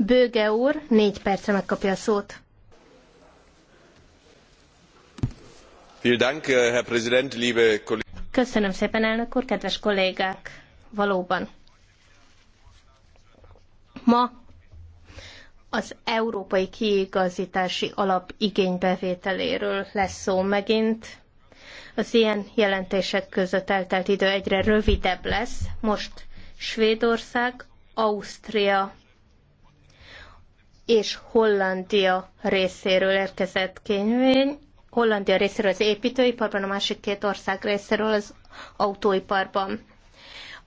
Bőge úr négy percre megkapja a szót. Äh, Köszönöm szépen, elnök úr, kedves kollégák! Valóban. Ma az európai kiigazítási alap igénybevételéről lesz szó megint. Az ilyen jelentések között eltelt idő egyre rövidebb lesz. Most Svédország, Ausztria és Hollandia részéről érkezett kényvény. Hollandia részéről az építőiparban, a másik két ország részéről az autóiparban.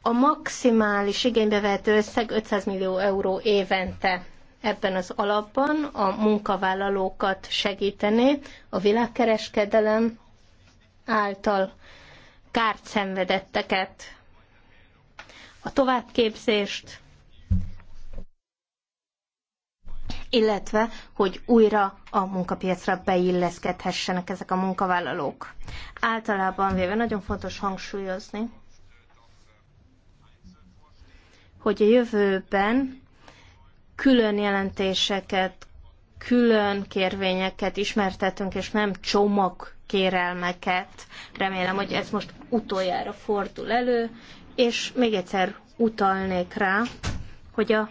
A maximális igénybe vehető összeg 500 millió euró évente. Ebben az alapban a munkavállalókat segítené a világkereskedelem által kárt szenvedetteket. A továbbképzést, illetve hogy újra a munkapiacra beilleszkedhessenek ezek a munkavállalók. Általában véve nagyon fontos hangsúlyozni, hogy a jövőben külön jelentéseket, külön kérvényeket ismertetünk, és nem csomag kérelmeket. Remélem, hogy ez most utoljára fordul elő, és még egyszer utalnék rá, hogy a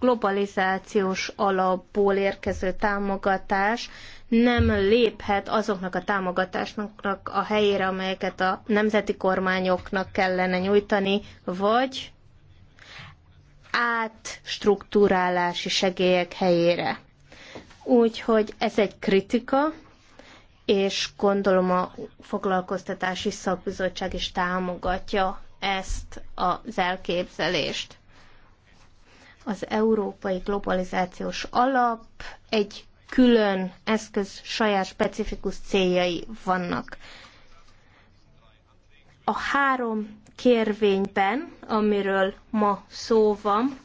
globalizációs alapból érkező támogatás nem léphet azoknak a támogatásoknak a helyére, amelyeket a nemzeti kormányoknak kellene nyújtani, vagy átstruktúrálási segélyek helyére. Úgyhogy ez egy kritika, és gondolom a foglalkoztatási szakbizottság is támogatja ezt az elképzelést az európai globalizációs alap egy külön eszköz saját specifikus céljai vannak. A három kérvényben, amiről ma szó van,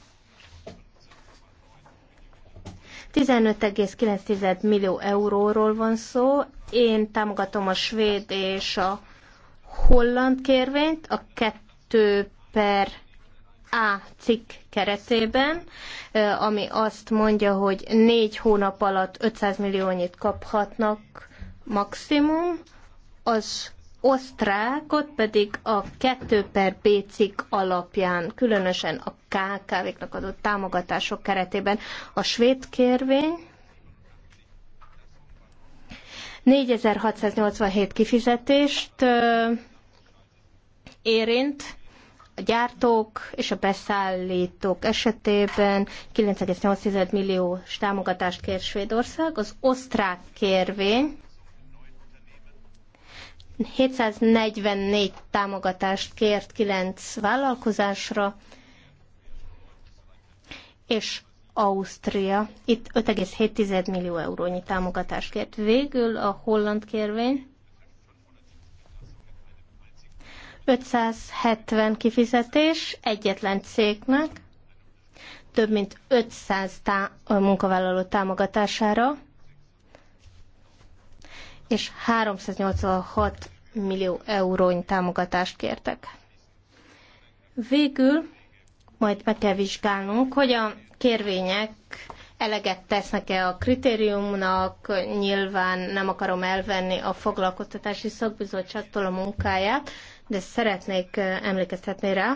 15,9 millió euróról van szó. Én támogatom a svéd és a holland kérvényt, a 2 per a cikk keretében, ami azt mondja, hogy négy hónap alatt 500 milliónyit kaphatnak maximum, az osztrákot pedig a 2 per B cikk alapján, különösen a KKV-knak adott támogatások keretében a svéd kérvény 4687 kifizetést érint, a gyártók és a beszállítók esetében 9,8 millió támogatást kér Svédország, az osztrák kérvény 744 támogatást kért 9 vállalkozásra, és Ausztria itt 5,7 millió eurónyi támogatást kért. Végül a holland kérvény 570 kifizetés egyetlen cégnek, több mint 500 tá- munkavállaló támogatására, és 386 millió eurónyi támogatást kértek. Végül majd meg kell vizsgálnunk, hogy a kérvények eleget tesznek-e a kritériumnak, nyilván nem akarom elvenni a foglalkoztatási szakbizottságtól a munkáját, de szeretnék emlékeztetni rá,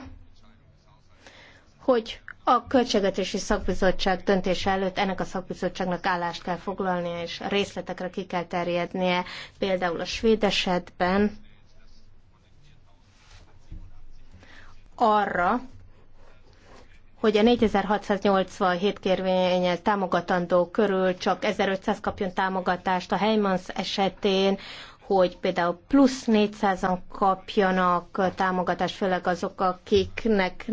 hogy a Költségvetési Szakbizottság döntése előtt ennek a szakbizottságnak állást kell foglalnia, és részletekre ki kell terjednie, például a svéd esetben arra, hogy a 4687 kérvényel támogatandó körül csak 1500 kapjon támogatást, a Heymans esetén hogy például plusz 400-an kapjanak támogatást, főleg azok, akiknek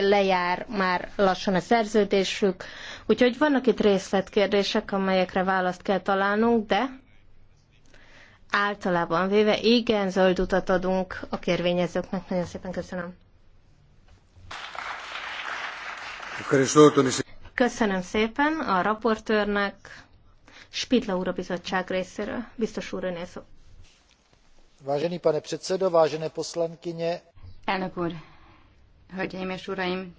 lejár már lassan a szerződésük. Úgyhogy vannak itt részletkérdések, amelyekre választ kell találnunk, de általában véve igen zöld utat adunk a kérvényezőknek. Nagyon szépen köszönöm. Köszönöm szépen a raportőrnek. Špidla úr bizottság részéről. Biztos úr, ön szó. Vážený pane předsedo, vážené poslankyně. Elnök úr, hölgyeim és uraim,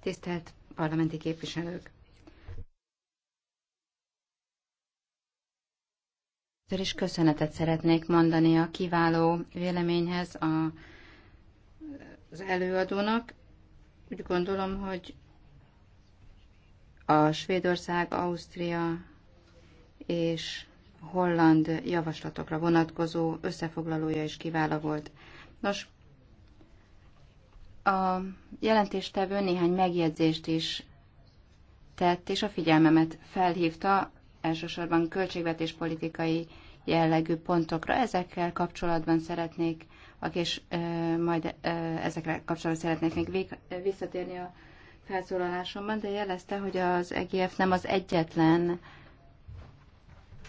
tisztelt parlamenti képviselők. Tör is köszönetet szeretnék mondani a kiváló véleményhez a, az előadónak. Úgy gondolom, hogy a Svédország, Ausztria, és holland javaslatokra vonatkozó összefoglalója is kiváló volt. Nos, a jelentéstevő néhány megjegyzést is tett, és a figyelmemet felhívta elsősorban költségvetéspolitikai jellegű pontokra. Ezekkel kapcsolatban szeretnék, és majd ezekre kapcsolatban szeretnék még visszatérni a felszólalásomban, de jelezte, hogy az EGF nem az egyetlen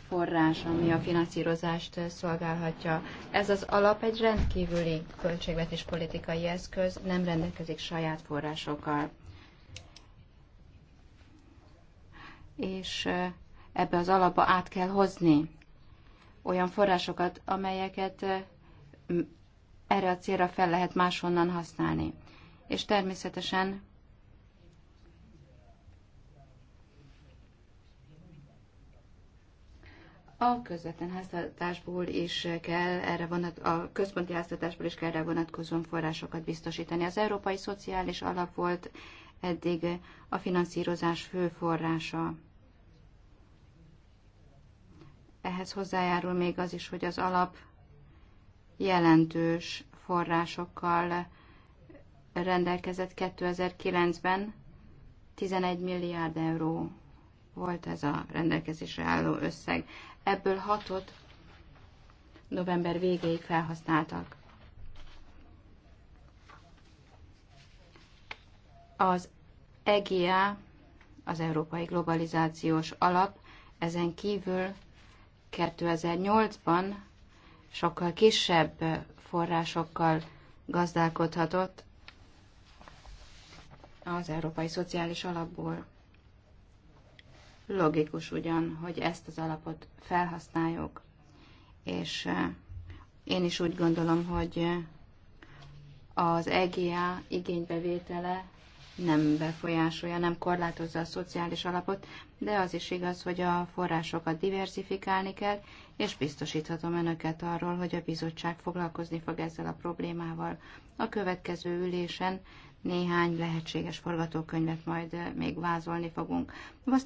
forrás, ami a finanszírozást szolgálhatja. Ez az alap egy rendkívüli költségvetés politikai eszköz, nem rendelkezik saját forrásokkal. És ebbe az alapba át kell hozni olyan forrásokat, amelyeket erre a célra fel lehet máshonnan használni. És természetesen A közvetlen háztartásból is kell erre vonat, a központi háztartásból is kell erre vonatkozóan forrásokat biztosítani. Az Európai Szociális Alap volt eddig a finanszírozás fő forrása. Ehhez hozzájárul még az is, hogy az alap jelentős forrásokkal rendelkezett 2009-ben 11 milliárd euró volt ez a rendelkezésre álló összeg ebből hatot november végéig felhasználtak. Az EGA, az Európai Globalizációs Alap, ezen kívül 2008-ban sokkal kisebb forrásokkal gazdálkodhatott az Európai Szociális Alapból. Logikus ugyan, hogy ezt az alapot felhasználjuk, és eh, én is úgy gondolom, hogy eh, az EGA igénybevétele nem befolyásolja, nem korlátozza a szociális alapot, de az is igaz, hogy a forrásokat diversifikálni kell, és biztosíthatom önöket arról, hogy a bizottság foglalkozni fog ezzel a problémával. A következő ülésen néhány lehetséges forgatókönyvet majd eh, még vázolni fogunk.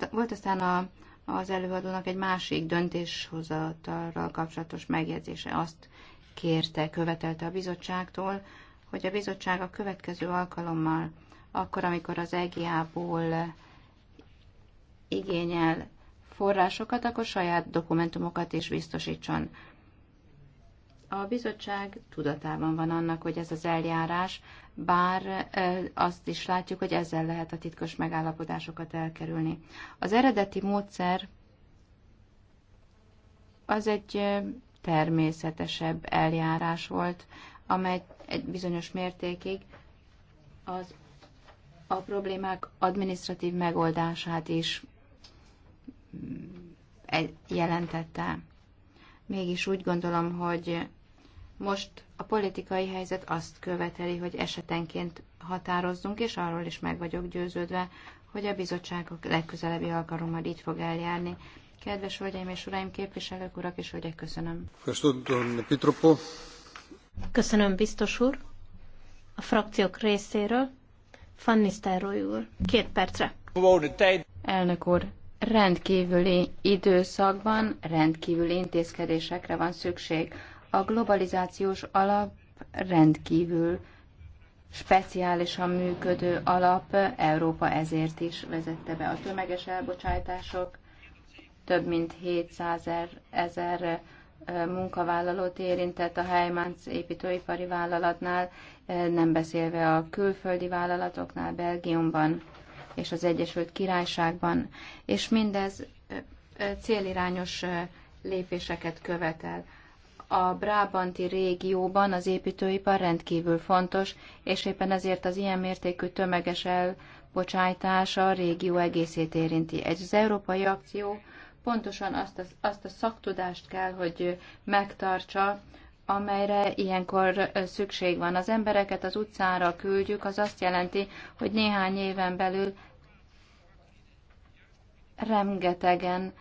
Volt aztán a, az előadónak egy másik döntéshozatalral kapcsolatos megjegyzése. Azt kérte, követelte a bizottságtól, hogy a bizottság a következő alkalommal, akkor, amikor az EGA-ból eh, igényel forrásokat, akkor saját dokumentumokat is biztosítson. A bizottság tudatában van annak, hogy ez az eljárás, bár azt is látjuk, hogy ezzel lehet a titkos megállapodásokat elkerülni. Az eredeti módszer az egy természetesebb eljárás volt, amely egy bizonyos mértékig az a problémák adminisztratív megoldását is mm, e, jelentette. Mégis úgy gondolom, hogy most a politikai helyzet azt követeli, hogy esetenként határozzunk, és arról is meg vagyok győződve, hogy a bizottságok legközelebbi alkalommal így fog eljárni. Kedves hölgyeim és uraim, képviselők, urak és hölgyek, köszönöm. Köszönöm, biztos úr. A frakciók részéről Fanny Sterroy úr. Két percre. Elnök úr, rendkívüli időszakban rendkívüli intézkedésekre van szükség a globalizációs alap rendkívül speciálisan működő alap, Európa ezért is vezette be a tömeges elbocsátások, több mint 700 ezer munkavállalót érintett a Heimans építőipari vállalatnál, nem beszélve a külföldi vállalatoknál Belgiumban és az Egyesült Királyságban, és mindez célirányos lépéseket követel a brabanti régióban az építőipar rendkívül fontos, és éppen ezért az ilyen mértékű tömeges elbocsájtása a régió egészét érinti. Egy az európai akció pontosan azt a, azt a szaktudást kell, hogy megtartsa, amelyre ilyenkor szükség van. Az embereket az utcára küldjük, az azt jelenti, hogy néhány éven belül rengetegen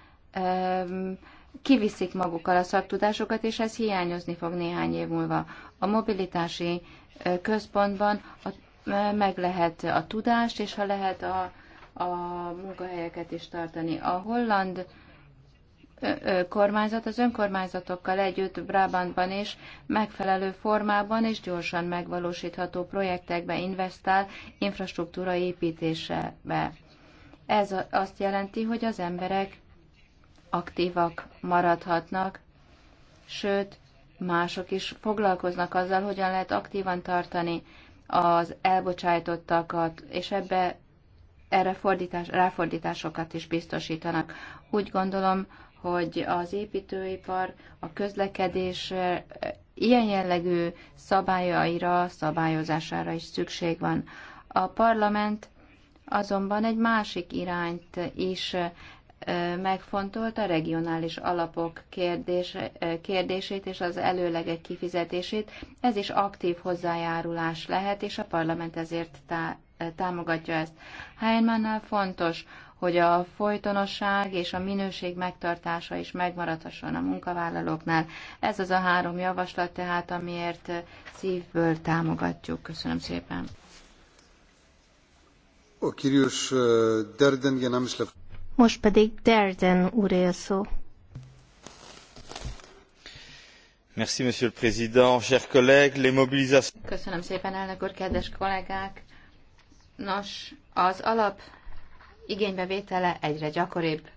kiviszik magukkal a szaktudásokat, és ez hiányozni fog néhány év múlva. A mobilitási központban a, meg lehet a tudást, és ha lehet a, a munkahelyeket is tartani. A holland kormányzat az önkormányzatokkal együtt Brabantban is megfelelő formában és gyorsan megvalósítható projektekbe investál infrastruktúra építésebe. Ez azt jelenti, hogy az emberek aktívak maradhatnak, sőt, mások is foglalkoznak azzal, hogyan lehet aktívan tartani az elbocsájtottakat, és ebbe erre fordítás, ráfordításokat is biztosítanak. Úgy gondolom, hogy az építőipar, a közlekedés e, ilyen jellegű szabályaira, szabályozására is szükség van. A parlament azonban egy másik irányt is megfontolt a regionális alapok kérdés, kérdését és az előlegek kifizetését. Ez is aktív hozzájárulás lehet, és a parlament ezért tá- támogatja ezt. Heinemannál fontos, hogy a folytonosság és a minőség megtartása is megmaradhasson a munkavállalóknál. Ez az a három javaslat tehát, amiért szívből támogatjuk. Köszönöm szépen. A kirjus Derden, most pedig Derden úré a szó. Merci, Monsieur le Président, chers collègues, les mobilisations. Köszönöm szépen, elnök úr, kedves kollégák! Nos, az alap igénybevétele egyre gyakoribb,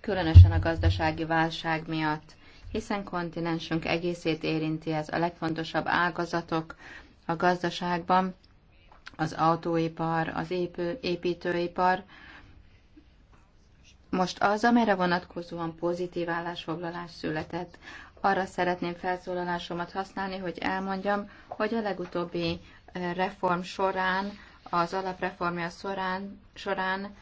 különösen a gazdasági válság miatt, hiszen kontinensünk egészét érinti ez a legfontosabb ágazatok a gazdaságban, az autóipar, az épő, építőipar, most az, amire vonatkozóan pozitív állásfoglalás született, arra szeretném felszólalásomat használni, hogy elmondjam, hogy a legutóbbi eh, reform során, az alapreformja során, során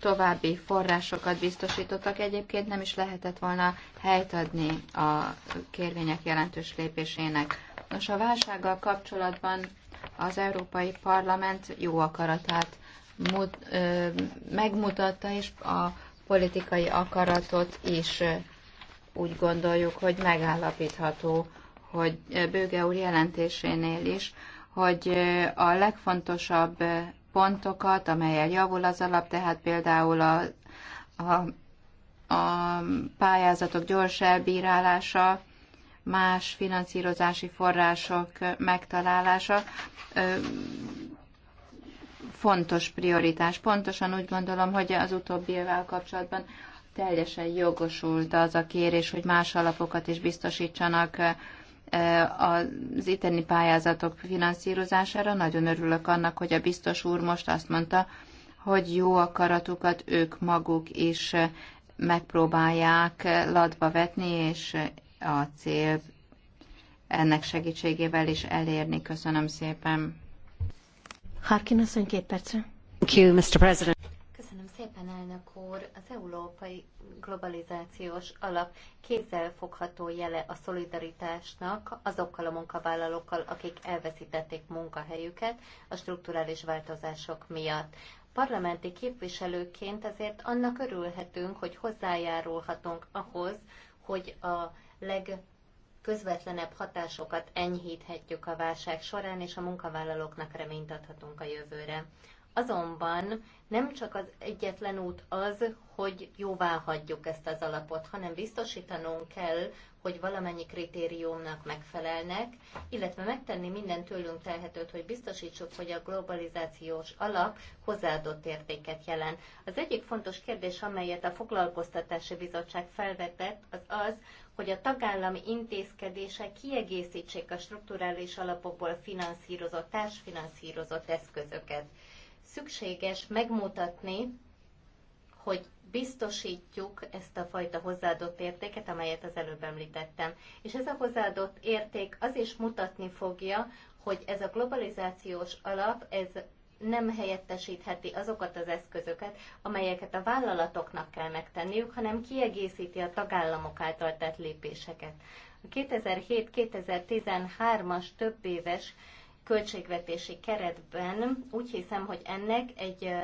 további forrásokat biztosítottak, egyébként nem is lehetett volna helyt adni a kérvények jelentős lépésének. Nos, a válsággal kapcsolatban az Európai Parlament jó akaratát mut, ö, megmutatta, és a politikai akaratot is úgy gondoljuk, hogy megállapítható, hogy Bőge úr jelentésénél is, hogy a legfontosabb pontokat, amelyel javul az alap, tehát például a, a, a pályázatok gyors elbírálása, más finanszírozási források megtalálása, fontos prioritás. Pontosan úgy gondolom, hogy az utóbbi évvel kapcsolatban teljesen jogosult az a kérés, hogy más alapokat is biztosítsanak eh, az itteni pályázatok finanszírozására. Nagyon örülök annak, hogy a biztos úr most azt mondta, hogy jó akaratukat ők maguk is eh, megpróbálják eh, ladba vetni, és a cél ennek segítségével is elérni. Köszönöm szépen. Harkin percre. Thank you, Mr. President. Köszönöm szépen, elnök úr. Az európai globalizációs alap kézzelfogható jele a szolidaritásnak azokkal a munkavállalókkal, akik elveszítették munkahelyüket a strukturális változások miatt. Parlamenti képviselőként ezért annak örülhetünk, hogy hozzájárulhatunk ahhoz, hogy a leg közvetlenebb hatásokat enyhíthetjük a válság során, és a munkavállalóknak reményt adhatunk a jövőre. Azonban nem csak az egyetlen út az, hogy jóvá hagyjuk ezt az alapot, hanem biztosítanunk kell, hogy valamennyi kritériumnak megfelelnek, illetve megtenni minden tőlünk telhetőt, hogy biztosítsuk, hogy a globalizációs alap hozzáadott értéket jelent. Az egyik fontos kérdés, amelyet a Foglalkoztatási Bizottság felvetett, az az, hogy a tagállami intézkedések kiegészítsék a strukturális alapokból finanszírozott, társfinanszírozott eszközöket. Szükséges megmutatni, hogy biztosítjuk ezt a fajta hozzáadott értéket, amelyet az előbb említettem. És ez a hozzáadott érték az is mutatni fogja, hogy ez a globalizációs alap, ez nem helyettesítheti azokat az eszközöket, amelyeket a vállalatoknak kell megtenniük, hanem kiegészíti a tagállamok által tett lépéseket. A 2007-2013-as több éves költségvetési keretben úgy hiszem, hogy ennek egy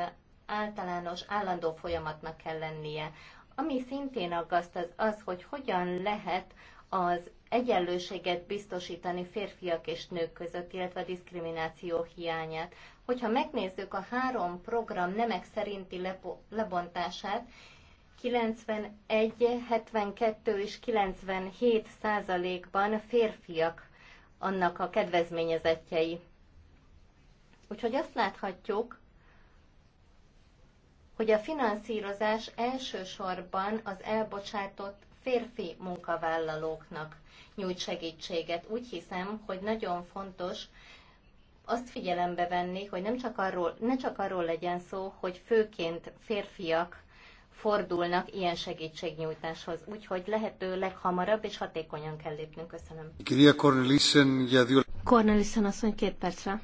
általános, állandó folyamatnak kell lennie. Ami szintén aggaszt az az, hogy hogyan lehet az egyenlőséget biztosítani férfiak és nők között, illetve a diszkrimináció hiányát. Hogyha megnézzük a három program nemek szerinti lebontását, 91, 72 és 97 százalékban férfiak annak a kedvezményezettjei. Úgyhogy azt láthatjuk, hogy a finanszírozás elsősorban az elbocsátott férfi munkavállalóknak nyújt segítséget. Úgy hiszem, hogy nagyon fontos azt figyelembe venni, hogy nem csak arról, ne csak arról legyen szó, hogy főként férfiak fordulnak ilyen segítségnyújtáshoz. Úgyhogy lehető leghamarabb és hatékonyan kell lépnünk. Köszönöm. Cornelissen asszony, két percre.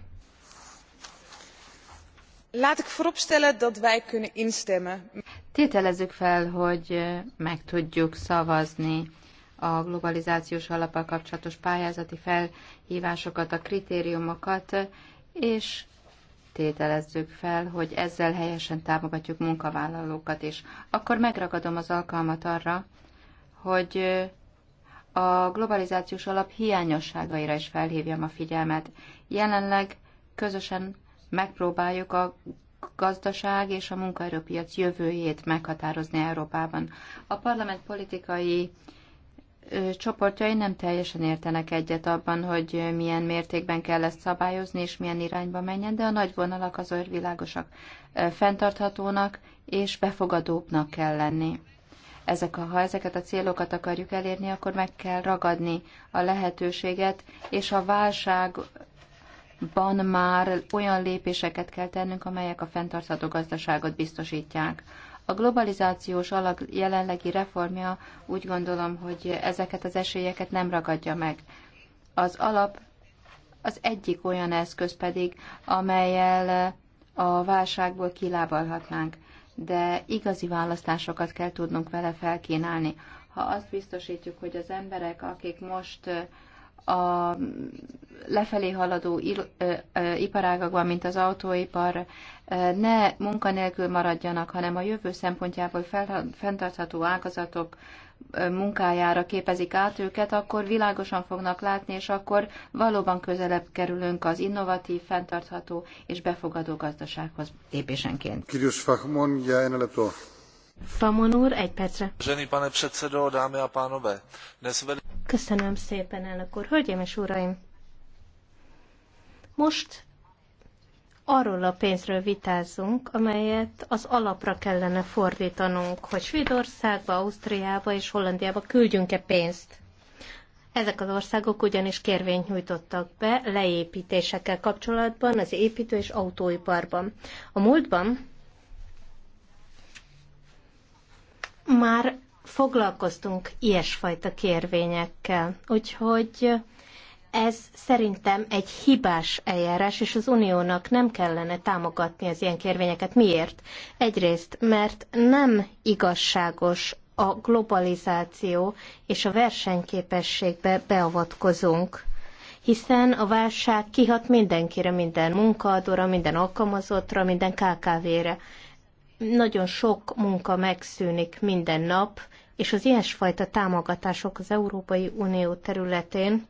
Laat ik vooropstellen dat wij kunnen instemmen. Tételezzük fel, hogy meg tudjuk szavazni a globalizációs alapal kapcsolatos pályázati felhívásokat, a kritériumokat, és tételezzük fel, hogy ezzel helyesen támogatjuk munkavállalókat is. Akkor megragadom az alkalmat arra, hogy a globalizációs alap hiányosságaira is felhívjam a figyelmet. Jelenleg közösen megpróbáljuk a gazdaság és a munkaerőpiac jövőjét meghatározni Európában. A parlament politikai uh, csoportjai nem teljesen értenek egyet abban, hogy milyen mértékben kell ezt szabályozni, és milyen irányba menjen, de a nagy vonalak az világosak. fenntarthatónak és befogadóbbnak kell lenni. Ezek a, ha ezeket a célokat akarjuk elérni, akkor meg kell ragadni a lehetőséget, és a válság már olyan lépéseket kell tennünk, amelyek a fenntartható gazdaságot biztosítják. A globalizációs alak jelenlegi reformja úgy gondolom, hogy ezeket az esélyeket nem ragadja meg. Az alap az egyik olyan eszköz pedig, amelyel a válságból kilábalhatnánk, de igazi választásokat kell tudnunk vele felkínálni. Ha azt biztosítjuk, hogy az emberek, akik most a lefelé haladó iparágakban, mint az autóipar, ne munkanélkül maradjanak, hanem a jövő szempontjából fel, fenntartható ágazatok munkájára képezik át őket, akkor világosan fognak látni, és akkor valóban közelebb kerülünk az innovatív, fenntartható és befogadó gazdasághoz lépésenként. Kirius Fachmon, ja, eneletó. Famon úr, egy percre. Zseni, pane předsedo, dámy a pánové. Köszönöm szépen, elnök úr. Hölgyeim és uraim! Most arról a pénzről vitázzunk, amelyet az alapra kellene fordítanunk, hogy Svédországba, Ausztriába és Hollandiába küldjünk-e pénzt. Ezek az országok ugyanis kérvényt nyújtottak be leépítésekkel kapcsolatban az építő és autóiparban. A múltban már foglalkoztunk ilyesfajta kérvényekkel, úgyhogy ez szerintem egy hibás eljárás, és az uniónak nem kellene támogatni az ilyen kérvényeket. Miért? Egyrészt, mert nem igazságos a globalizáció és a versenyképességbe beavatkozunk hiszen a válság kihat mindenkire, minden munkaadóra, minden alkalmazottra, minden KKV-re. Nagyon sok munka megszűnik minden nap, és az ilyesfajta támogatások az Európai Unió területén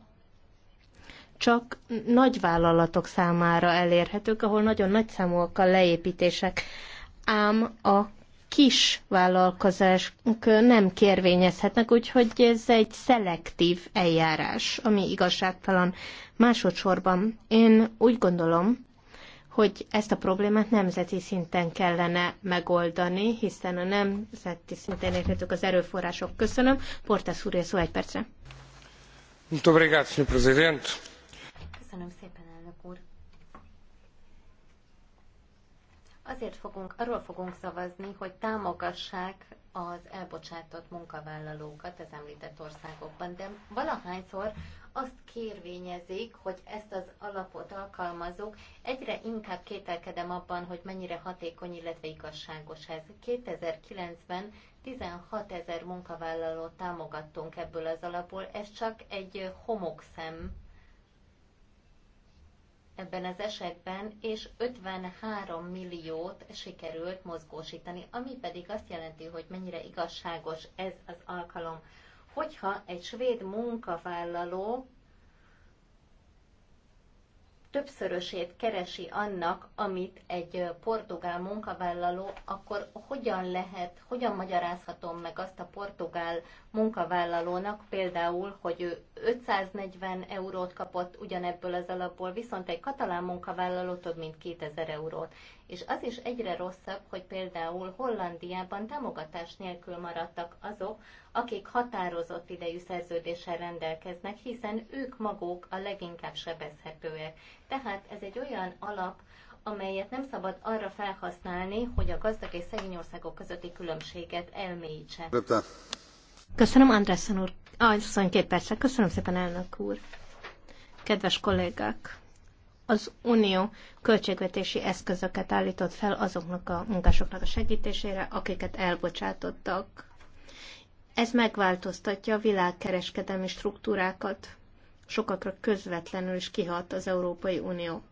csak nagy vállalatok számára elérhetők, ahol nagyon nagy számúak a leépítések. Ám a kis vállalkozások nem kérvényezhetnek, úgyhogy ez egy szelektív eljárás, ami igazságtalan. Másodszorban én úgy gondolom, hogy ezt a problémát nemzeti szinten kellene megoldani, hiszen a nemzeti szinten érhetők az erőforrások. Köszönöm. Portes úr, szó egy percre. Muito obrigado, Sr. Presidente. Köszönöm szépen, elnök úr. Azért fogunk, arról fogunk szavazni, hogy támogassák az elbocsátott munkavállalókat az említett országokban, de valahányszor azt kérvényezik, hogy ezt az alapot alkalmazzuk, egyre inkább kételkedem abban, hogy mennyire hatékony, illetve igazságos ez. 2009-ben 16 ezer munkavállalót támogattunk ebből az alapból, ez csak egy homokszem ebben az esetben, és 53 milliót sikerült mozgósítani, ami pedig azt jelenti, hogy mennyire igazságos ez az alkalom. Hogyha egy svéd munkavállaló többszörösét keresi annak, amit egy portugál munkavállaló, akkor hogyan lehet, hogyan magyarázhatom meg azt a portugál munkavállalónak, például, hogy ő 540 eurót kapott ugyanebből az alapból, viszont egy katalán munkavállaló több mint 2000 eurót. És az is egyre rosszabb, hogy például Hollandiában támogatás nélkül maradtak azok, akik határozott idejű szerződéssel rendelkeznek, hiszen ők maguk a leginkább sebezhetőek. Tehát ez egy olyan alap, amelyet nem szabad arra felhasználni, hogy a gazdag és szegény országok közötti különbséget elmélyítse. Köszönöm, András úr. Ah, asszony, két percet. Köszönöm szépen, elnök úr. Kedves kollégák! Az Unió költségvetési eszközöket állított fel azoknak a munkásoknak a segítésére, akiket elbocsátottak. Ez megváltoztatja a világkereskedelmi struktúrákat. Sokakra közvetlenül is kihat az Európai Unió.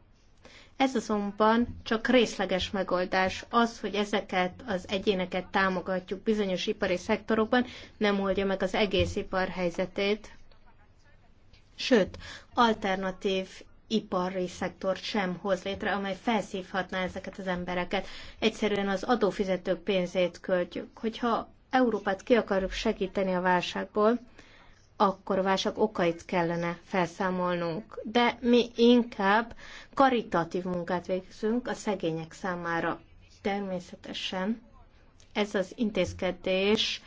Ez azonban csak részleges megoldás. Az, hogy ezeket az egyéneket támogatjuk bizonyos ipari szektorokban, nem oldja meg az egész ipar helyzetét. Sőt, alternatív ipari szektort sem hoz létre, amely felszívhatná ezeket az embereket. Egyszerűen az adófizetők pénzét költjük. Hogyha Európát ki akarjuk segíteni a válságból, akkor a válság okait kellene felszámolnunk. De mi inkább karitatív munkát végzünk a szegények számára. Természetesen ez az intézkedés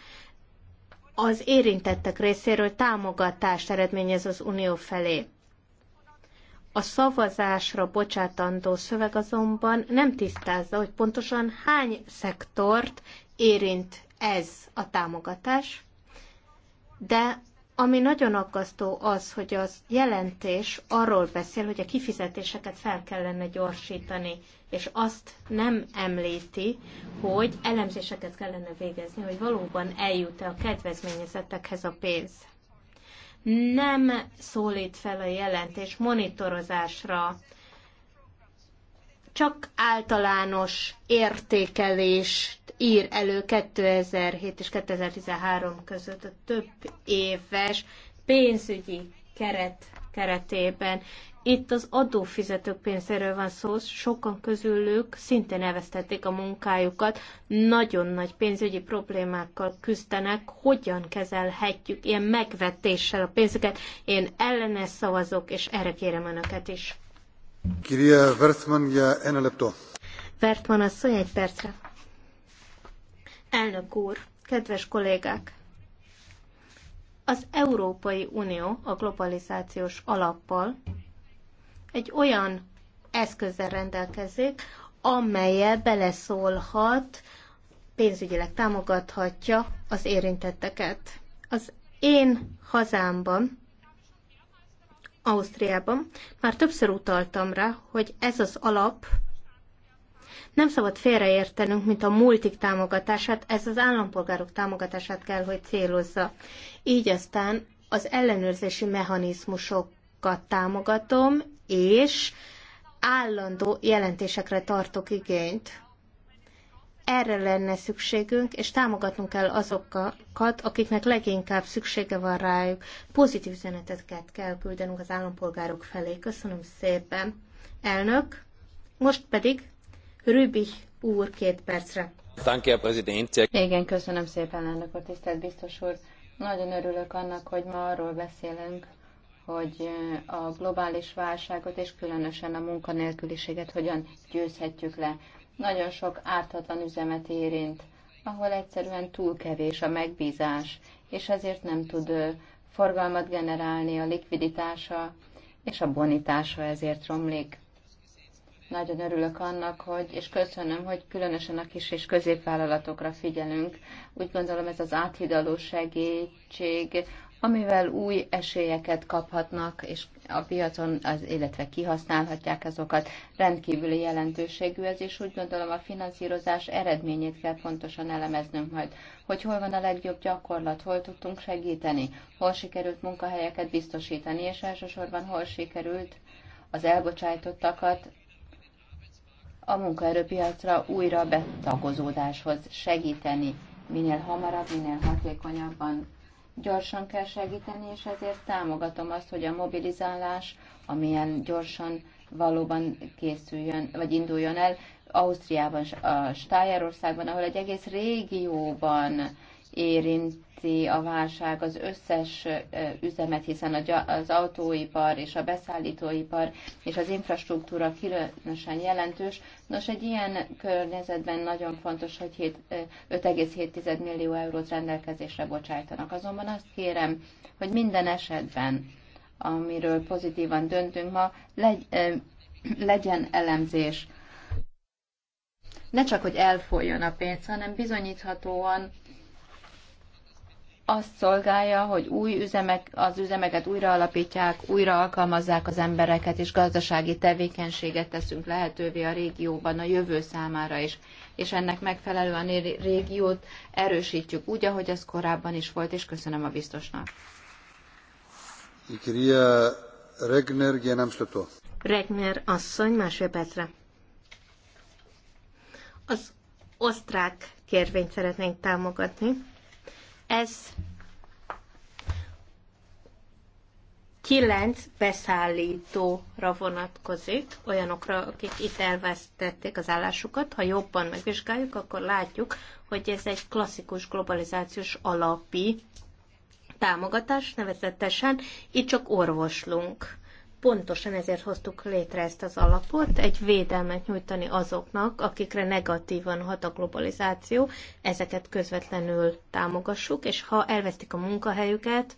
az érintettek részéről támogatást eredményez az Unió felé. A szavazásra bocsátandó szöveg azonban nem tisztázza, hogy pontosan hány szektort érint ez a támogatás, de ami nagyon aggasztó az, hogy az jelentés arról beszél, hogy a kifizetéseket fel kellene gyorsítani, és azt nem említi, hogy elemzéseket kellene végezni, hogy valóban eljut-e a kedvezményezettekhez a pénz. Nem szólít fel a jelentés monitorozásra, csak általános értékelés ír elő 2007 és 2013 között a több éves pénzügyi keret keretében. Itt az adófizetők pénzéről van szó, sokan közülük szintén elvesztették a munkájukat, nagyon nagy pénzügyi problémákkal küzdenek, hogyan kezelhetjük ilyen megvetéssel a pénzüket. Én ellene szavazok, és erre kérem Önöket is. Kérje, Vertman, ja, Vertman asszony, egy percre. Elnök úr, kedves kollégák! Az Európai Unió a globalizációs alappal egy olyan eszközzel rendelkezik, amelyel beleszólhat, pénzügyileg támogathatja az érintetteket. Az én hazámban, Ausztriában már többször utaltam rá, hogy ez az alap nem szabad félreértenünk, mint a multik támogatását, ez az állampolgárok támogatását kell, hogy célozza. Így aztán az ellenőrzési mechanizmusokat támogatom, és állandó jelentésekre tartok igényt. Erre lenne szükségünk, és támogatnunk kell azokat, akiknek leginkább szüksége van rájuk. Pozitív üzeneteket kell küldenünk az állampolgárok felé. Köszönöm szépen, elnök. Most pedig Rübich úr két percre. Igen, köszönöm szépen, elnök úr, tisztelt biztos úr. Nagyon örülök annak, hogy ma arról beszélünk, hogy eh, a globális válságot és különösen a munkanélküliséget hogyan győzhetjük le. Nagyon sok ártatlan üzemet érint, ahol egyszerűen túl kevés a megbízás, és ezért nem tud eh, forgalmat generálni a likviditása, és a bonitása ezért romlik. Nagyon örülök annak, hogy, és köszönöm, hogy különösen a kis és középvállalatokra figyelünk. Úgy gondolom ez az áthidaló segítség, amivel új esélyeket kaphatnak, és a piacon, az, illetve kihasználhatják azokat. Rendkívüli jelentőségű ez, és úgy gondolom a finanszírozás eredményét kell pontosan elemeznünk majd, hogy hol van a legjobb gyakorlat, hol tudtunk segíteni, hol sikerült munkahelyeket biztosítani, és elsősorban hol sikerült az elbocsájtottakat a munkaerőpiacra újra betagozódáshoz segíteni. Minél hamarabb, minél hatékonyabban gyorsan kell segíteni, és ezért támogatom azt, hogy a mobilizálás, amilyen gyorsan valóban készüljön, vagy induljon el, Ausztriában, a Stájerországban, ahol egy egész régióban érinti a válság az összes üzemet, hiszen az autóipar és a beszállítóipar és az infrastruktúra különösen jelentős. Nos, egy ilyen környezetben nagyon fontos, hogy 5,7 millió eurót rendelkezésre bocsájtanak. Azonban azt kérem, hogy minden esetben, amiről pozitívan döntünk ma, legy, legyen elemzés. Ne csak, hogy elfolyjon a pénz, hanem bizonyíthatóan azt szolgálja, hogy új üzemek, az üzemeket újra alapítják, újra alkalmazzák az embereket, és gazdasági tevékenységet teszünk lehetővé a régióban a jövő számára is. És ennek megfelelően a régiót erősítjük úgy, ahogy ez korábban is volt, és köszönöm a biztosnak. Regner, Regner asszony, másfél percre. Az osztrák kérvényt szeretnénk támogatni ez kilenc beszállítóra vonatkozik, olyanokra, akik itt elvesztették az állásukat. Ha jobban megvizsgáljuk, akkor látjuk, hogy ez egy klasszikus globalizációs alapi támogatás, nevezetesen itt csak orvoslunk Pontosan ezért hoztuk létre ezt az alapot, egy védelmet nyújtani azoknak, akikre negatívan hat a globalizáció, ezeket közvetlenül támogassuk, és ha elvesztik a munkahelyüket,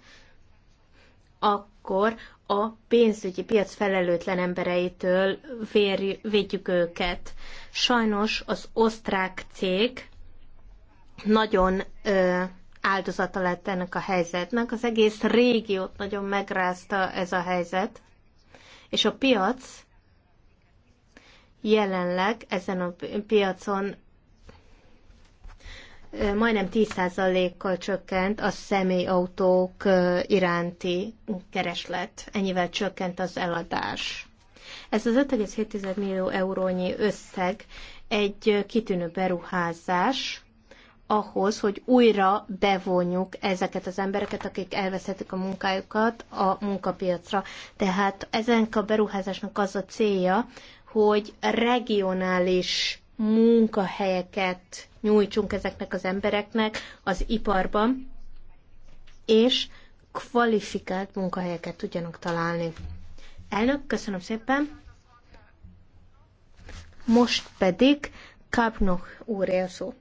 akkor a pénzügyi piac felelőtlen embereitől vér, védjük őket. Sajnos az osztrák cég nagyon ö, áldozata lett ennek a helyzetnek. Az egész régiót nagyon megrázta ez a helyzet, és a piac jelenleg ezen a piacon majdnem 10%-kal csökkent a személyautók iránti kereslet. Ennyivel csökkent az eladás. Ez az 5,7 millió eurónyi összeg egy kitűnő beruházás, ahhoz, hogy újra bevonjuk ezeket az embereket, akik elveszhetik a munkájukat a munkapiacra. Tehát ezen a beruházásnak az a célja, hogy regionális munkahelyeket nyújtsunk ezeknek az embereknek az iparban, és kvalifikált munkahelyeket tudjanak találni. Elnök, köszönöm szépen! Most pedig Kapnok úr szó.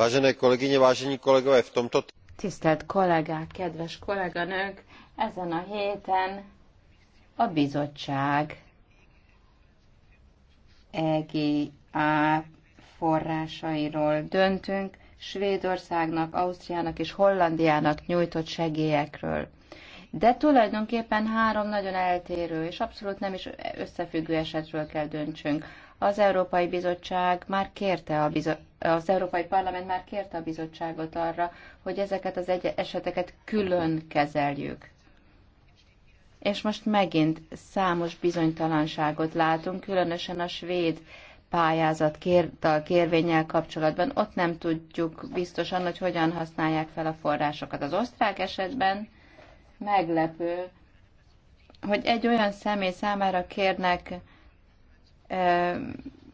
Vážené kolegyně, vážení kolegové, v tomto... Tisztelt kollégák, kedves kolléganők, ezen a héten a bizottság EGA forrásairól döntünk, Svédországnak, Ausztriának és Hollandiának nyújtott segélyekről. De tulajdonképpen három nagyon eltérő és abszolút nem is összefüggő esetről kell döntsünk. Az Európai Bizottság már kérte a bizottság, az Európai Parlament már kérte a bizottságot arra, hogy ezeket az egy eseteket külön kezeljük. És most megint számos bizonytalanságot látunk, különösen a svéd pályázat kér, kérvényel kapcsolatban. Ott nem tudjuk biztosan, hogy hogyan használják fel a forrásokat. Az osztrák esetben meglepő, hogy egy olyan személy számára kérnek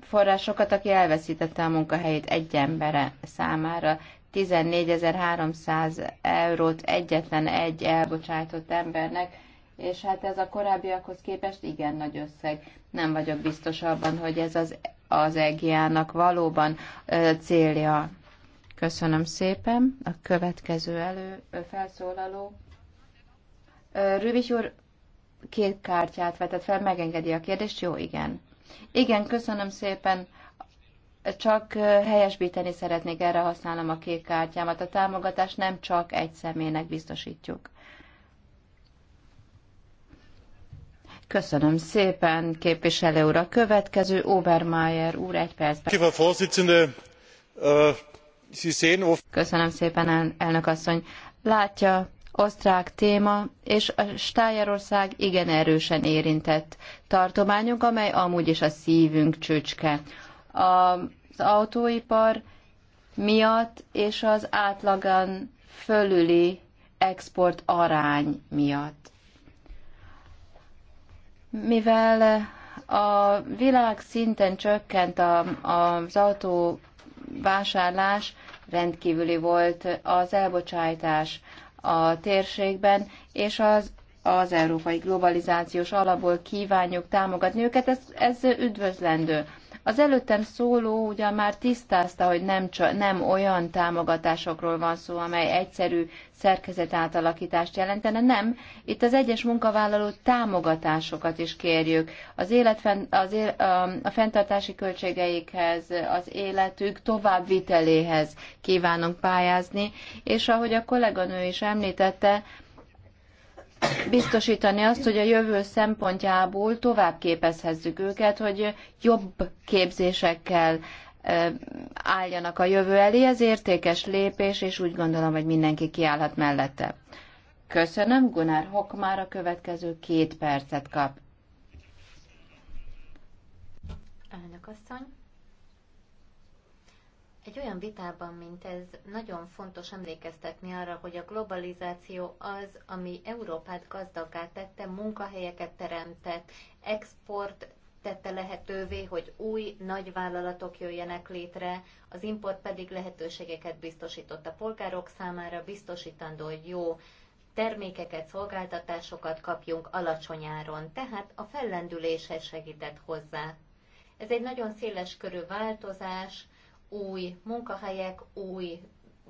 forrásokat, aki elveszítette a munkahelyét egy embere számára. 14.300 eurót egyetlen egy elbocsájtott embernek, és hát ez a korábbiakhoz képest igen nagy összeg. Nem vagyok biztos abban, hogy ez az, az EGA-nak valóban ö, célja. Köszönöm szépen. A következő elő ö, felszólaló. Rüvis úr két kártyát vetett fel, megengedi a kérdést? Jó, igen. Igen, köszönöm szépen. Csak helyesbíteni szeretnék, erre használom a kék kártyámat. A támogatást nem csak egy személynek biztosítjuk. Köszönöm szépen, képviselő úr. A következő Obermeier úr egy percben. Köszönöm szépen, elnök asszony. Látja, osztrák téma, és a Stájerország igen erősen érintett tartományunk, amely amúgy is a szívünk csücske. Az autóipar miatt és az átlagan fölüli export arány miatt. Mivel a világ szinten csökkent a, az autó vásárlás, rendkívüli volt az elbocsájtás a térségben, és az, az európai globalizációs alapból kívánjuk támogatni őket, ez, ez üdvözlendő. Az előttem szóló ugyan már tisztázta, hogy nem, csak, nem olyan támogatásokról van szó, amely egyszerű szerkezet átalakítást jelentene, nem. Itt az egyes munkavállaló támogatásokat is kérjük. Az életfen, az él, a fenntartási költségeikhez, az életük továbbviteléhez kívánunk pályázni, és ahogy a kolléganő is említette, biztosítani azt, hogy a jövő szempontjából tovább képezhezzük őket, hogy jobb képzésekkel álljanak a jövő elé, ez értékes lépés, és úgy gondolom, hogy mindenki kiállhat mellette. Köszönöm, Gunár Hok már a következő két percet kap. Elnök asszony. Egy olyan vitában, mint ez, nagyon fontos emlékeztetni arra, hogy a globalizáció az, ami Európát gazdaggá tette, munkahelyeket teremtett, export tette lehetővé, hogy új nagy vállalatok jöjjenek létre, az import pedig lehetőségeket biztosított a polgárok számára, biztosítandó, hogy jó termékeket, szolgáltatásokat kapjunk alacsony áron, tehát a fellendüléshez segített hozzá. Ez egy nagyon széles körű változás, új munkahelyek, új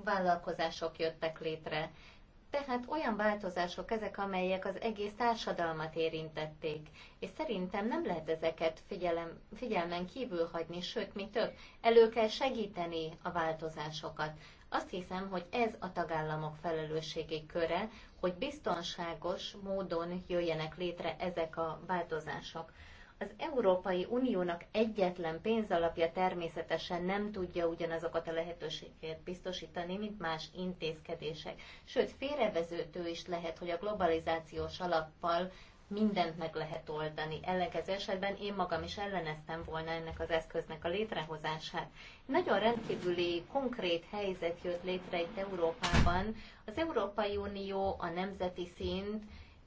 vállalkozások jöttek létre. Tehát olyan változások ezek, amelyek az egész társadalmat érintették, és szerintem nem lehet ezeket figyelem, figyelmen kívül hagyni, sőt, mi több, elő kell segíteni a változásokat. Azt hiszem, hogy ez a tagállamok felelősségi köre, hogy biztonságos módon jöjjenek létre ezek a változások. Az Európai Uniónak egyetlen pénzalapja természetesen nem tudja ugyanazokat a lehetőségeket biztosítani, mint más intézkedések. Sőt, félrevezőtő is lehet, hogy a globalizációs alappal mindent meg lehet oldani. Ellenkező esetben én magam is elleneztem volna ennek az eszköznek a létrehozását. Nagyon rendkívüli, konkrét helyzet jött létre itt Európában. Az Európai Unió, a nemzeti szint,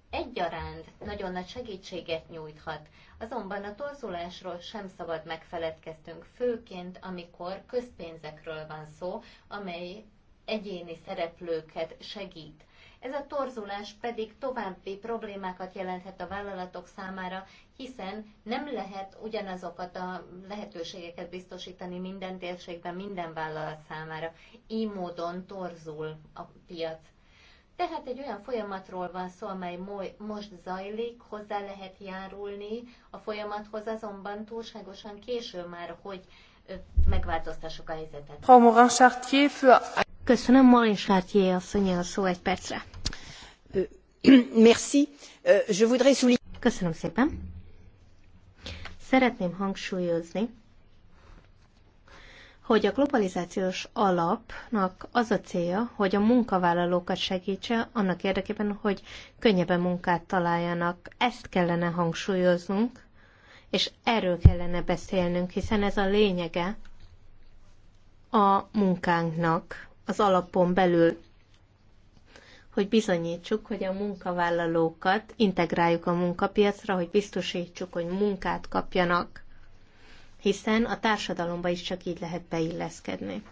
egyaránt nagyon nagy segítséget nyújthat. Azonban a torzulásról sem szabad megfeledkeztünk, főként amikor közpénzekről van szó, amely egyéni szereplőket segít. Ez a torzulás pedig további problémákat jelenthet a vállalatok számára, hiszen nem lehet ugyanazokat a lehetőségeket biztosítani minden térségben, minden vállalat számára. Így módon torzul a piac. Tehát egy olyan folyamatról van szó, amely most zajlik, hozzá lehet járulni a folyamathoz, azonban túlságosan késő már, hogy megváltoztassuk a helyzetet. Köszönöm, Morin Chartier asszony, a szó egy percre. Merci. Je voudrais souligner... Köszönöm szépen. Szeretném hangsúlyozni, hogy a globalizációs alapnak az a célja, hogy a munkavállalókat segítse annak érdekében, hogy könnyebben munkát találjanak. Ezt kellene hangsúlyoznunk, és erről kellene beszélnünk, hiszen ez a lényege a munkánknak az alapon belül, hogy bizonyítsuk, hogy a munkavállalókat integráljuk a munkapiacra, hogy biztosítsuk, hogy munkát kapjanak hiszen a társadalomba is csak így lehet beilleszkedni.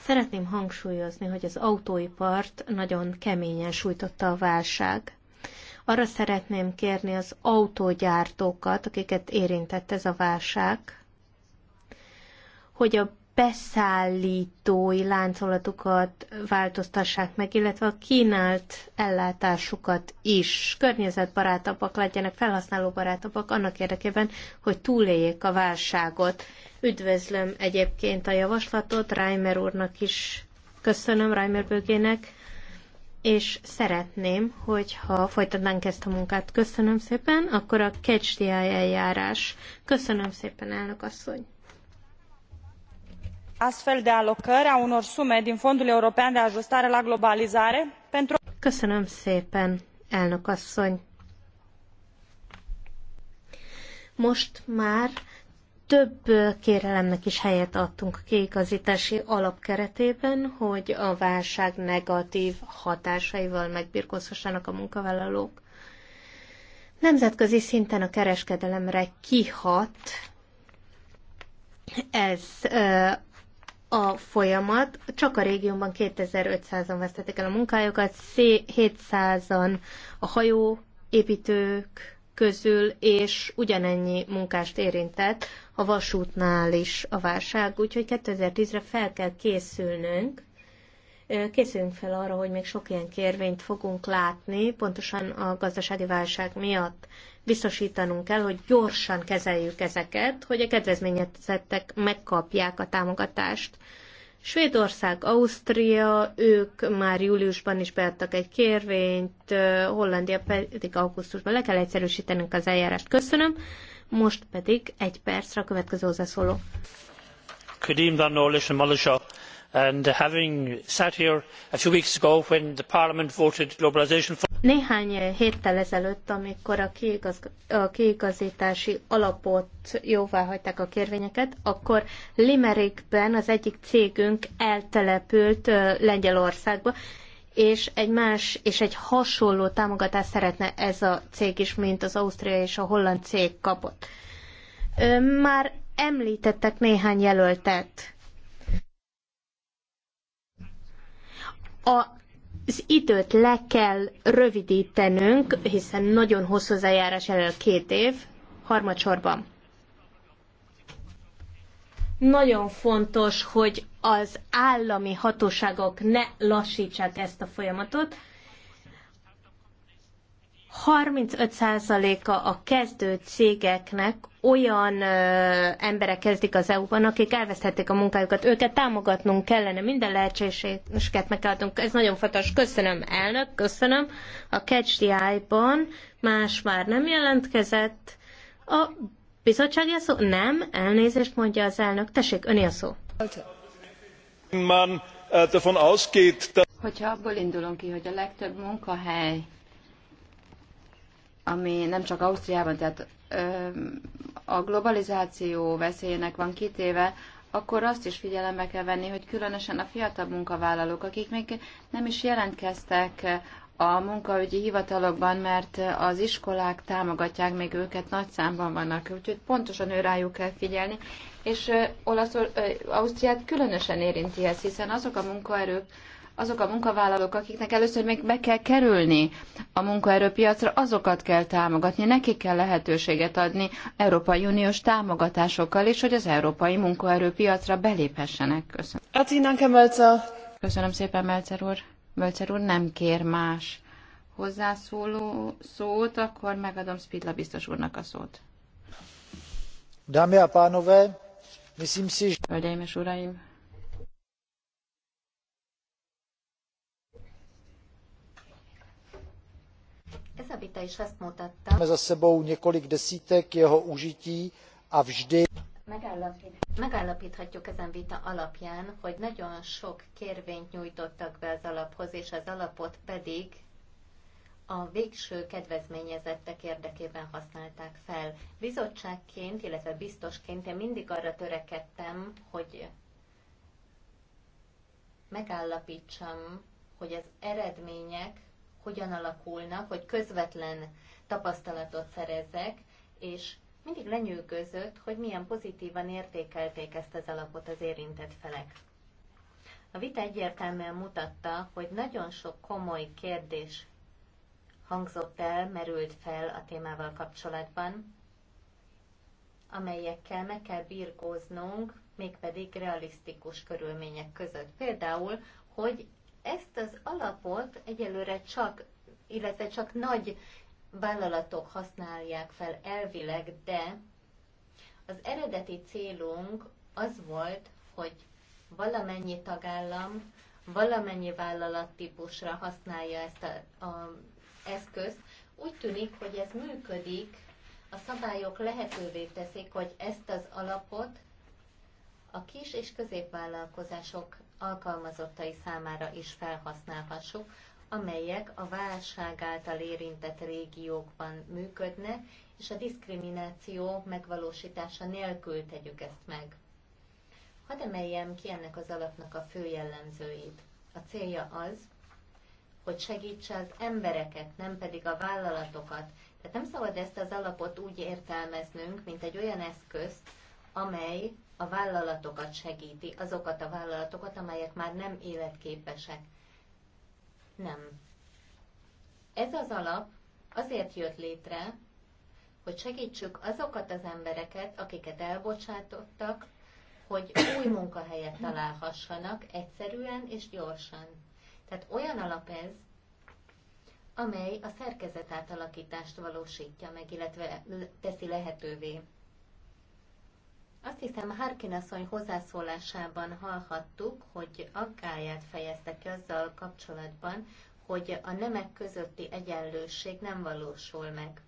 Szeretném hangsúlyozni, hogy az autóipart nagyon keményen sújtotta a válság. Arra szeretném kérni az autógyártókat, akiket érintett ez a válság, hogy a beszállítói láncolatukat változtassák meg, illetve a kínált ellátásukat is környezetbarátabbak legyenek, felhasználóbarátabbak annak érdekében, hogy túléljék a válságot. Üdvözlöm egyébként a javaslatot, Reimer úrnak is köszönöm, Reimer bőgének, és szeretném, hogyha folytatnánk ezt a munkát. Köszönöm szépen, akkor a catch eljárás. Köszönöm szépen, elnök asszony! astfel de alocări a unor sume din fondul european de ajustare la globalizare pentru. Köszönöm szépen, elnök asszony. Most már több kérelemnek is helyet adtunk a kiigazítási alap keretében, hogy a válság negatív hatásaival megbirkózhassanak a munkavállalók. Nemzetközi szinten a kereskedelemre kihat ez a folyamat. Csak a régióban 2500-an vesztették el a munkájukat, 700-an a hajóépítők közül, és ugyanennyi munkást érintett a vasútnál is a válság, úgyhogy 2010-re fel kell készülnünk, Készüljünk fel arra, hogy még sok ilyen kérvényt fogunk látni, pontosan a gazdasági válság miatt biztosítanunk kell, hogy gyorsan kezeljük ezeket, hogy a kedvezményezettek megkapják a támogatást. Svédország, Ausztria, ők már júliusban is beadtak egy kérvényt, Hollandia pedig augusztusban le kell egyszerűsítenünk az eljárást. Köszönöm. Most pedig egy percre a következő hozzászóló. Köszönöm, néhány héttel ezelőtt, amikor a, kiigaztási alapot jóváhagyták a kérvényeket, akkor Limerickben az egyik cégünk eltelepült Lengyelországba, és egy más és egy hasonló támogatást szeretne ez a cég is, mint az Ausztriai és a holland cég kapott. Már említettek néhány jelöltet az időt le kell rövidítenünk, hiszen nagyon hosszú az eljárás elő két év, harmadsorban. Nagyon fontos, hogy az állami hatóságok ne lassítsák ezt a folyamatot, 35%-a a kezdő cégeknek olyan ö, emberek kezdik az EU-ban, akik elveszthetik a munkájukat. Őket támogatnunk kellene, minden lehetségeseket meg kell Ez nagyon fontos. Köszönöm, elnök, köszönöm. A Catch the Eye-ban más már nem jelentkezett. A bizottsági a szó? Nem, elnézést mondja az elnök. Tessék, öné a szó. Man, äh, davon ausgeht, Hogyha abból indulunk ki, hogy a legtöbb munkahely ami nem csak Ausztriában, tehát a globalizáció veszélyének van kitéve, akkor azt is figyelembe kell venni, hogy különösen a fiatal munkavállalók, akik még nem is jelentkeztek a munkaügyi hivatalokban, mert az iskolák támogatják még őket, nagy számban vannak, úgyhogy pontosan ő rájuk kell figyelni, és Olaszor, Ausztriát különösen érinti ez, hiszen azok a munkaerők, azok a munkavállalók, akiknek először még be kell kerülni a munkaerőpiacra, azokat kell támogatni, nekik kell lehetőséget adni Európai Uniós támogatásokkal is, hogy az európai munkaerőpiacra beléphessenek. Köszönöm. Köszönöm szépen, Melzer úr. Melzer úr nem kér más hozzászóló szót, akkor megadom Spidla biztos úrnak a szót. Dámy a pánové, myslím si, Hölgyeim és uraim, ez a za sebou několik desítek jeho užití a vždy megállapíthatjuk ezen vita alapján, hogy nagyon sok kérvényt nyújtottak be az alaphoz, és az alapot pedig a végső kedvezményezettek érdekében használták fel. Bizottságként, illetve biztosként én mindig arra törekedtem, hogy megállapítsam, hogy az eredmények hogyan alakulnak, hogy közvetlen tapasztalatot szerezzek, és mindig lenyűgözött, hogy milyen pozitívan értékelték ezt az alapot az érintett felek. A vita egyértelműen mutatta, hogy nagyon sok komoly kérdés hangzott el, merült fel a témával kapcsolatban, amelyekkel meg kell birkóznunk, mégpedig realisztikus körülmények között. Például, hogy ezt az alapot egyelőre csak, illetve csak nagy vállalatok használják fel elvileg, de az eredeti célunk az volt, hogy valamennyi tagállam valamennyi vállalattípusra használja ezt az eszközt. Úgy tűnik, hogy ez működik, a szabályok lehetővé teszik, hogy ezt az alapot a kis és középvállalkozások alkalmazottai számára is felhasználhassuk, amelyek a válság által érintett régiókban működnek, és a diszkrimináció megvalósítása nélkül tegyük ezt meg. Hadd emeljem ki ennek az alapnak a fő jellemzőit. A célja az, hogy segítse az embereket, nem pedig a vállalatokat. Tehát nem szabad ezt az alapot úgy értelmeznünk, mint egy olyan eszközt, amely a vállalatokat segíti, azokat a vállalatokat, amelyek már nem életképesek. Nem. Ez az alap azért jött létre, hogy segítsük azokat az embereket, akiket elbocsátottak, hogy új munkahelyet találhassanak egyszerűen és gyorsan. Tehát olyan alap ez, amely a szerkezet átalakítást valósítja meg, illetve teszi lehetővé. Azt hiszem, Harkin asszony hozzászólásában hallhattuk, hogy aggáját fejezte ki azzal kapcsolatban, hogy a nemek közötti egyenlőség nem valósul meg.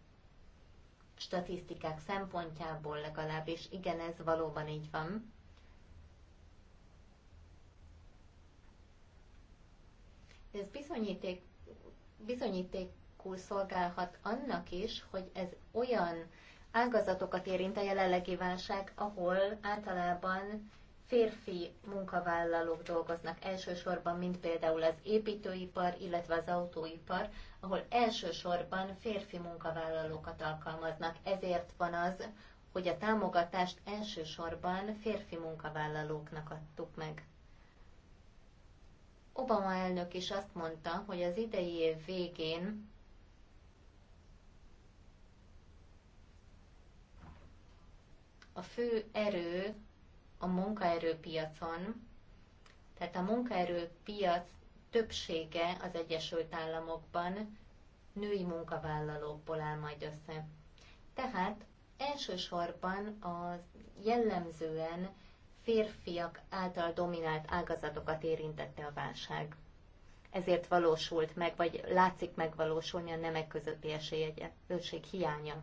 Statisztikák szempontjából legalábbis igen, ez valóban így van. Ez bizonyíték, bizonyítékul szolgálhat annak is, hogy ez olyan ágazatokat érint a jelenlegi válság, ahol általában férfi munkavállalók dolgoznak elsősorban, mint például az építőipar, illetve az autóipar, ahol elsősorban férfi munkavállalókat alkalmaznak. Ezért van az, hogy a támogatást elsősorban férfi munkavállalóknak adtuk meg. Obama elnök is azt mondta, hogy az idei év végén a fő erő a munkaerőpiacon, tehát a munkaerőpiac többsége az Egyesült Államokban női munkavállalókból áll majd össze. Tehát elsősorban a jellemzően férfiak által dominált ágazatokat érintette a válság. Ezért valósult meg, vagy látszik megvalósulni a nemek közötti esélyegyenlőség hiánya.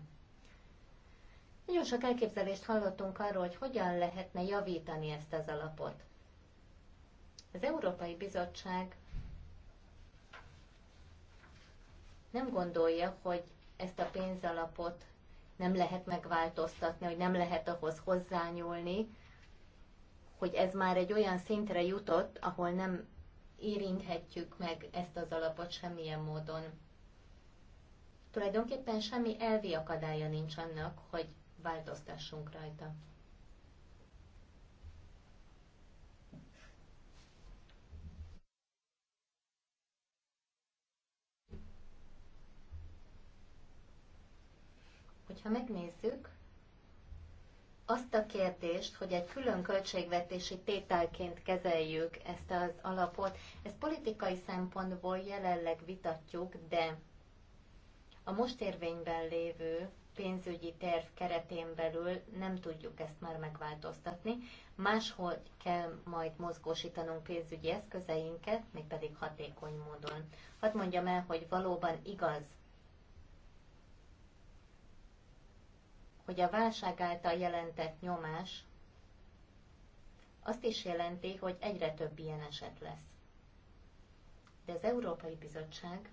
Nagyon sok elképzelést hallottunk arról, hogy hogyan lehetne javítani ezt az alapot. Az Európai Bizottság nem gondolja, hogy ezt a pénzalapot nem lehet megváltoztatni, hogy nem lehet ahhoz hozzányúlni, hogy ez már egy olyan szintre jutott, ahol nem érinthetjük meg ezt az alapot semmilyen módon. Tulajdonképpen semmi elvi akadálya nincs annak, hogy változtassunk rajta. Hogyha megnézzük azt a kérdést, hogy egy külön költségvetési tételként kezeljük ezt az alapot, ezt politikai szempontból jelenleg vitatjuk, de a most érvényben lévő pénzügyi terv keretén belül nem tudjuk ezt már megváltoztatni. Máshogy kell majd mozgósítanunk pénzügyi eszközeinket, mégpedig hatékony módon. Hadd mondjam el, hogy valóban igaz, hogy a válság által jelentett nyomás azt is jelenti, hogy egyre több ilyen eset lesz. De az Európai Bizottság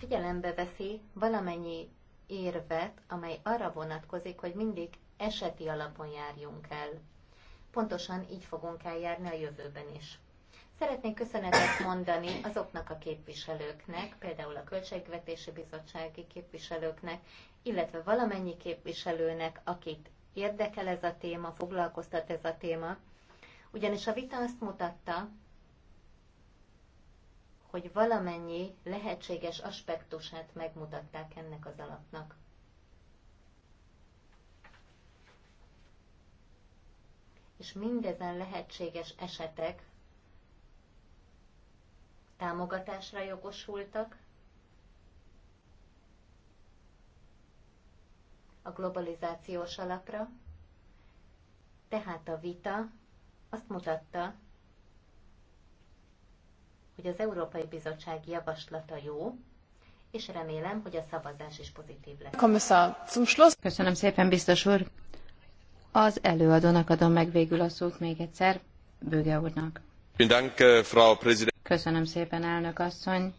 figyelembe veszi valamennyi érvet, amely arra vonatkozik, hogy mindig eseti alapon járjunk el. Pontosan így fogunk eljárni a jövőben is. Szeretnék köszönetet mondani azoknak a képviselőknek, például a Költségvetési Bizottsági képviselőknek, illetve valamennyi képviselőnek, akit érdekel ez a téma, foglalkoztat ez a téma, ugyanis a vita azt mutatta, hogy valamennyi lehetséges aspektusát megmutatták ennek az alapnak. És mindezen lehetséges esetek támogatásra jogosultak, a globalizációs alapra, tehát a vita azt mutatta, hogy az Európai Bizottság javaslata jó, és remélem, hogy a szavazás is pozitív lesz. Köszönöm szépen, biztos úr. Az előadónak adom meg végül a szót még egyszer, Böge úrnak. Eh, Köszönöm szépen, elnök asszony.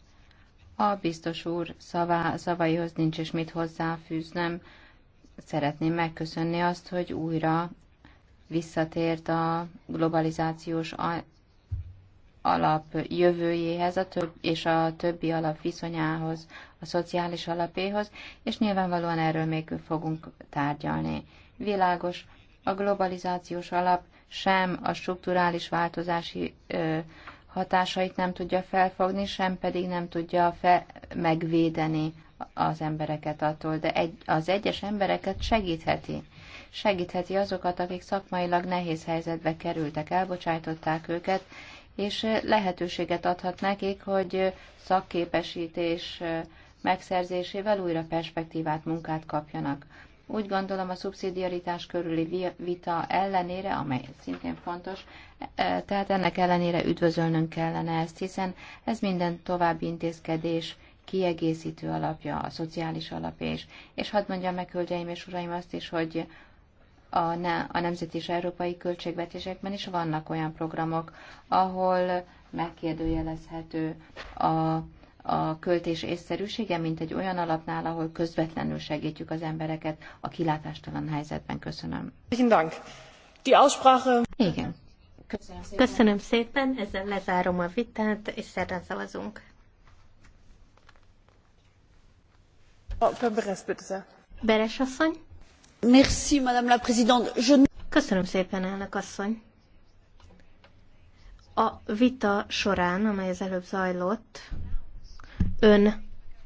A biztos úr szavá, szavaihoz nincs is mit hozzáfűznem. Szeretném megköszönni azt, hogy újra visszatért a globalizációs alap jövőjéhez a több, és a többi alap viszonyához, a szociális alapéhoz, és nyilvánvalóan erről még fogunk tárgyalni. Világos, a globalizációs alap sem a strukturális változási ö, hatásait nem tudja felfogni, sem pedig nem tudja fel, megvédeni az embereket attól, de egy, az egyes embereket segítheti. Segítheti azokat, akik szakmailag nehéz helyzetbe kerültek, elbocsájtották őket, és eh, lehetőséget adhat nekik, hogy eh, szakképesítés eh, megszerzésével újra perspektívát, munkát kapjanak. Úgy gondolom a szubszidiaritás körüli vita ellenére, amely szintén fontos, tehát ennek ellenére üdvözölnünk kellene ezt, hiszen ez minden további intézkedés kiegészítő alapja, a szociális alapja is. És hadd mondjam meg, hölgyeim és uraim, azt is, hogy a, ne, a nemzeti és európai költségvetésekben is vannak olyan programok, ahol megkérdőjelezhető a, a költés észszerűsége, mint egy olyan alapnál, ahol közvetlenül segítjük az embereket a kilátástalan helyzetben. Köszönöm. Igen. Köszönöm szépen. ezzel lezárom a vitát, és szerdán szavazunk. Oh, Beres asszony. Madame la Présidente. Je... A vita során, amely az előbb zajlott, ön